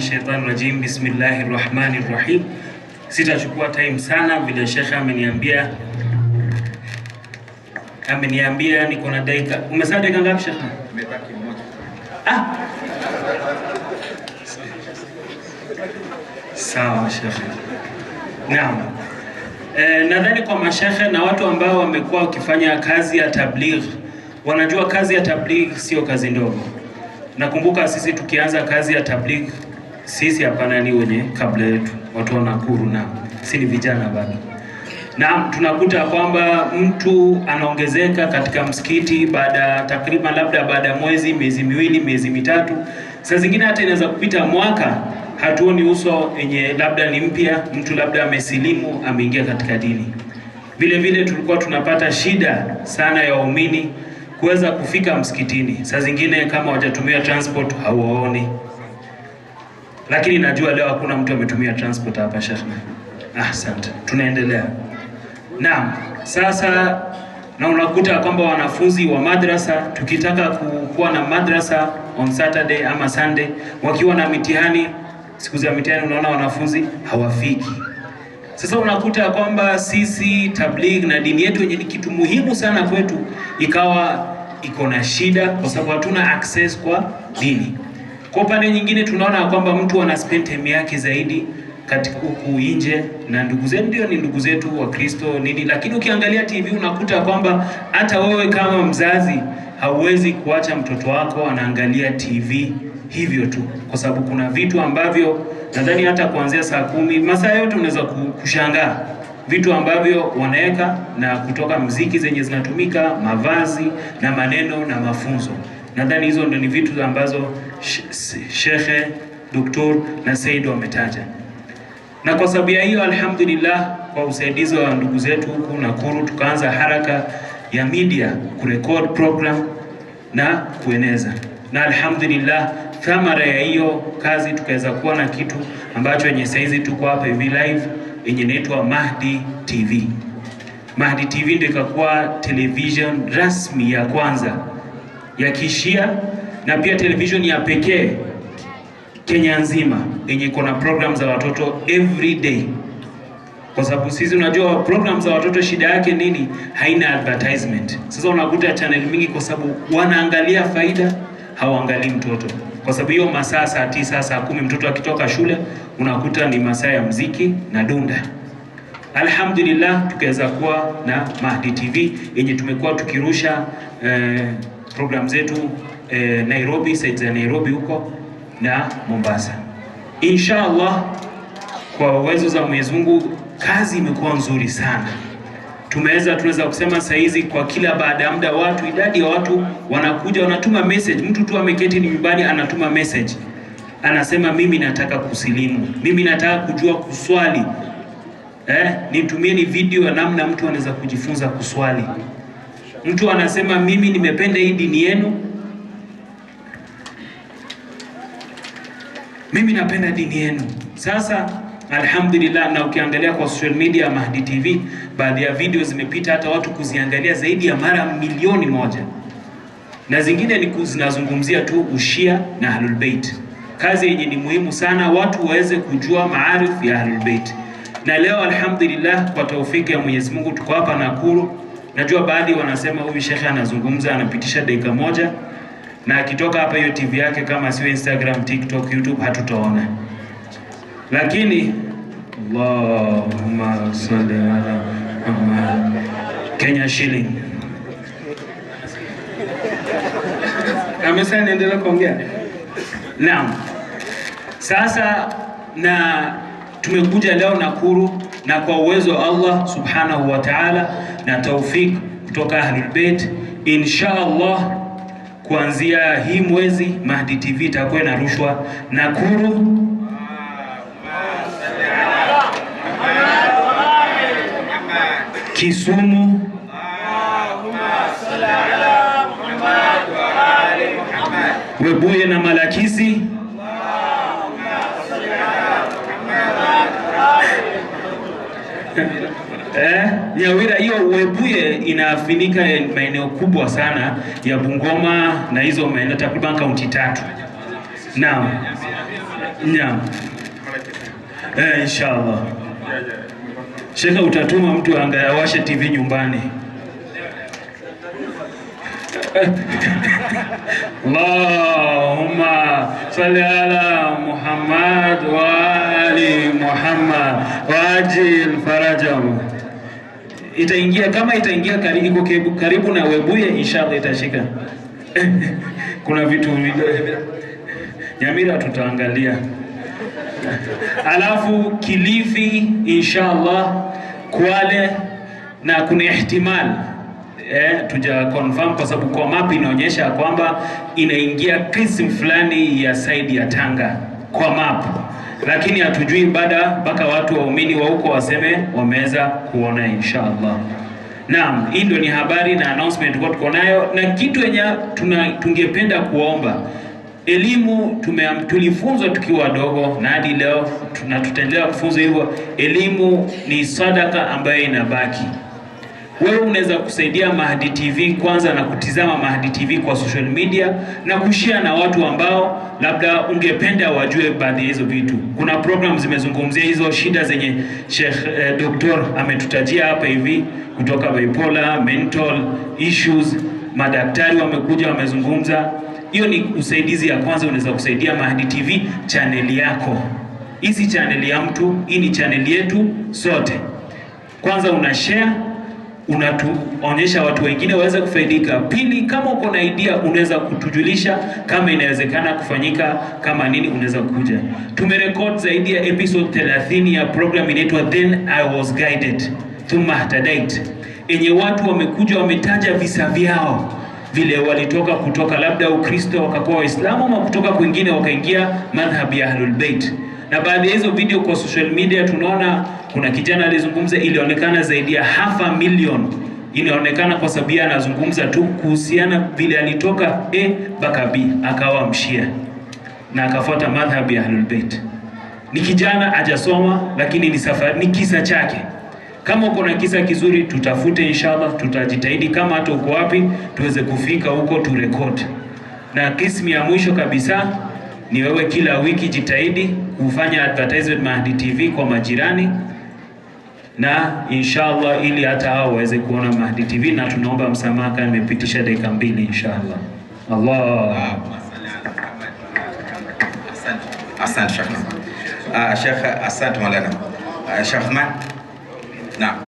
mina shaitani rajim bismillahi rahmani rahim. Sitachukua time sana, vile shekhe ameniambia ameniambia niko na dakika. Umesaa dakika ngapi shekhe? Nimebaki moja. Ah, sawa shekhe. Naam. E, nadhani kwa mashekhe na watu ambao wamekuwa wakifanya kazi ya tabligh wanajua kazi ya tabligh sio kazi ndogo. Nakumbuka sisi tukianza kazi ya tabligh sisi hapana, ni wenye kabla yetu, watu wa Nakuru na si ni vijana bado, na tunakuta kwamba mtu anaongezeka katika msikiti baada takriban labda baada ya mwezi, miezi miwili, miezi mitatu, saa zingine hata inaweza kupita mwaka hatuoni uso yenye labda ni mpya, mtu labda amesilimu, ameingia katika dini. Vile vile tulikuwa tunapata shida sana ya waumini kuweza kufika msikitini, saa zingine kama wajatumia transport hawaoni lakini najua leo hakuna mtu ametumia transport hapa Sheikh. Ah, asante. tunaendelea. Naam, sasa na unakuta kwamba wanafunzi wa madrasa tukitaka kuwa na madrasa on Saturday ama Sunday, wakiwa na mitihani siku za mitihani, unaona wanafunzi hawafiki. Sasa unakuta kwamba sisi tabligh na dini yetu yenye ni kitu muhimu sana kwetu ikawa iko na shida, kwa sababu hatuna access kwa dini. Kwa upande nyingine, tunaona kwamba mtu ana spend time yake zaidi katika huku nje na ndugu zetu, ndio ni ndugu zetu wa Kristo nini, lakini ukiangalia TV unakuta kwamba hata wewe kama mzazi hauwezi kuacha mtoto wako anaangalia TV hivyo tu, kwa sababu kuna vitu ambavyo nadhani hata kuanzia saa kumi masaa yote unaweza kushangaa vitu ambavyo wanaweka na kutoka mziki zenye zinatumika, mavazi na maneno na mafunzo. Nadhani hizo ndio ni vitu ambazo Shekhe Doktor na Said wametaja, na kwa sababu ya hiyo, alhamdulillah, kwa usaidizi wa ndugu zetu huku Nakuru, tukaanza haraka ya media kurekod program na kueneza, na alhamdulillah, thamara ya hiyo kazi tukaweza kuwa na kitu ambacho yenye saizi tuko hapa hivi live yenye inaitwa Mahdi TV. Mahdi TV ndio ikakuwa television rasmi ya kwanza ya kishia na pia television ya pekee Kenya nzima yenye iko na programs za watoto every day, kwa sababu sisi unajua programs za watoto shida yake nini? Haina advertisement. Sasa unakuta channel mingi, kwa sababu wanaangalia faida, hawaangalii mtoto, kwa sababu hiyo masaa saa tisa saa kumi mtoto akitoka shule unakuta ni masaa ya mziki na dunda. Alhamdulillah tukaweza kuwa na Mahdi TV yenye tumekuwa tukirusha eh, program zetu eh, Nairobi, site za Nairobi huko na Mombasa. Inshallah, kwa uwezo za Mwenyezi Mungu kazi imekuwa nzuri sana. Tumeweza tunaweza kusema saizi kwa kila baada ya muda watu idadi ya watu wanakuja wanatuma message. Mtu tu ameketi nyumbani anatuma message. Anasema mimi nataka kusilimu. Mimi nataka kujua kuswali. Eh, nitumieni video ya namna mtu anaweza kujifunza kuswali. Mtu anasema mimi nimependa hii dini yenu, mimi napenda dini yenu. Sasa alhamdulillah, na ukiangalia kwa social media Mahdi TV, baadhi ya video zimepita hata watu kuziangalia zaidi ya mara milioni moja, na zingine ni zinazungumzia tu ushia na Ahlul Bait, kazi yenye ni muhimu sana watu waweze kujua maarifu ya Ahlul Bait. Na leo alhamdulillah, kwa taufiki ya Mwenyezi Mungu tuko hapa Nakuru Najua baadhi wanasema huyu shekhe anazungumza anapitisha dakika moja, na akitoka hapa hiyo TV yake kama sio Instagram, TikTok, YouTube hatutaona. Lakini Allahumma salli ala Muhammad. Kenya shilling. Amesa niendelea kuongea. Naam. Sasa na tumekuja leo Nakuru na kwa uwezo wa Allah Subhanahu wa Ta'ala na Taufik kutoka Ahlul Bait insha Allah. Kuanzia hii mwezi Mahdi TV itakuwa na rushwa Nakuru, Kisumu, Webuye na Malakisi. Eh, Nyawira hiyo Webuye inafinika maeneo kubwa sana ya Bungoma na hizo maeneo takriban kaunti tatu. Naam. Naam. Eh, inshallah. Shekha, utatuma mtu angayawashe TV nyumbani. Allahumma salli ala Muhammad wa ali Muhammad wa ajil farajahum itaingia kama itaingia karibu, karibu na Webuye inshallah itashika. Kuna vitu Nyamira tutaangalia, alafu Kilifi inshallah, Kwale na kuna ihtimal eh, tuja confirm kwa sababu kwa mapi inaonyesha kwamba inaingia kism fulani ya side ya Tanga kwa mapu lakini hatujui baada mpaka watu waumini wa huko waseme wameweza kuona inshallah. Naam, hii ndio ni habari na announcement kwa tuko nayo, na kitu yenye tungependa kuomba elimu tulifunzwa tukiwa wadogo na hadi leo na tutaendelea kufunzwa hivyo. Elimu ni sadaka ambayo inabaki. Wewe unaweza kusaidia Mahadi TV kwanza na kutizama Mahadi TV kwa social media na kushia na watu ambao labda ungependa wajue baadhi ya hizo vitu. Kuna program zimezungumzia hizo shida zenye Sheikh eh, Doktor ametutajia hapa hivi kutoka bipolar, mental issues, madaktari wamekuja wamezungumza. Hiyo ni usaidizi ya kwanza unaweza kusaidia Mahadi TV chaneli yako. Hii si ya mtu, hii ni channel yetu sote. Kwanza una share unatuonyesha watu wengine waweze kufaidika. Pili, kama uko na idea unaweza kutujulisha kama inawezekana kufanyika kama nini, unaweza kuja. Tumerekod zaidi ya episode 30 ya program inaitwa Then I Was Guided Thumma Htadait, yenye watu wamekuja wametaja visa vyao vile walitoka kutoka labda Ukristo wakakuwa Waislamu ama kutoka kwingine wakaingia madhhabi ya Ahlul Bait na baadhi ya hizo video kwa social media tunaona kuna kijana alizungumza, ilionekana zaidi ya half a million inaonekana kwa sababu yeye anazungumza tu kuhusiana vile alitoka A mpaka B, akawa mshia na akafuata madhhabi ya Ahlul Bait. Ni kijana ajasoma, lakini ni safari, ni kisa chake. Kama uko na kisa kizuri, tutafute inshallah, tutajitahidi kama hata uko wapi tuweze kufika huko turekodi. Na kismi ya mwisho kabisa ni wewe kila wiki jitahidi kufanya advertisement Mahdi TV kwa majirani na inshallah, ili hata hao waweze kuona Mahdi TV, na tunaomba msamaha kama imepitisha dakika mbili. Inshallah, Allah, asante Sheikh, ah, asante Maulana ah, Sheikh Man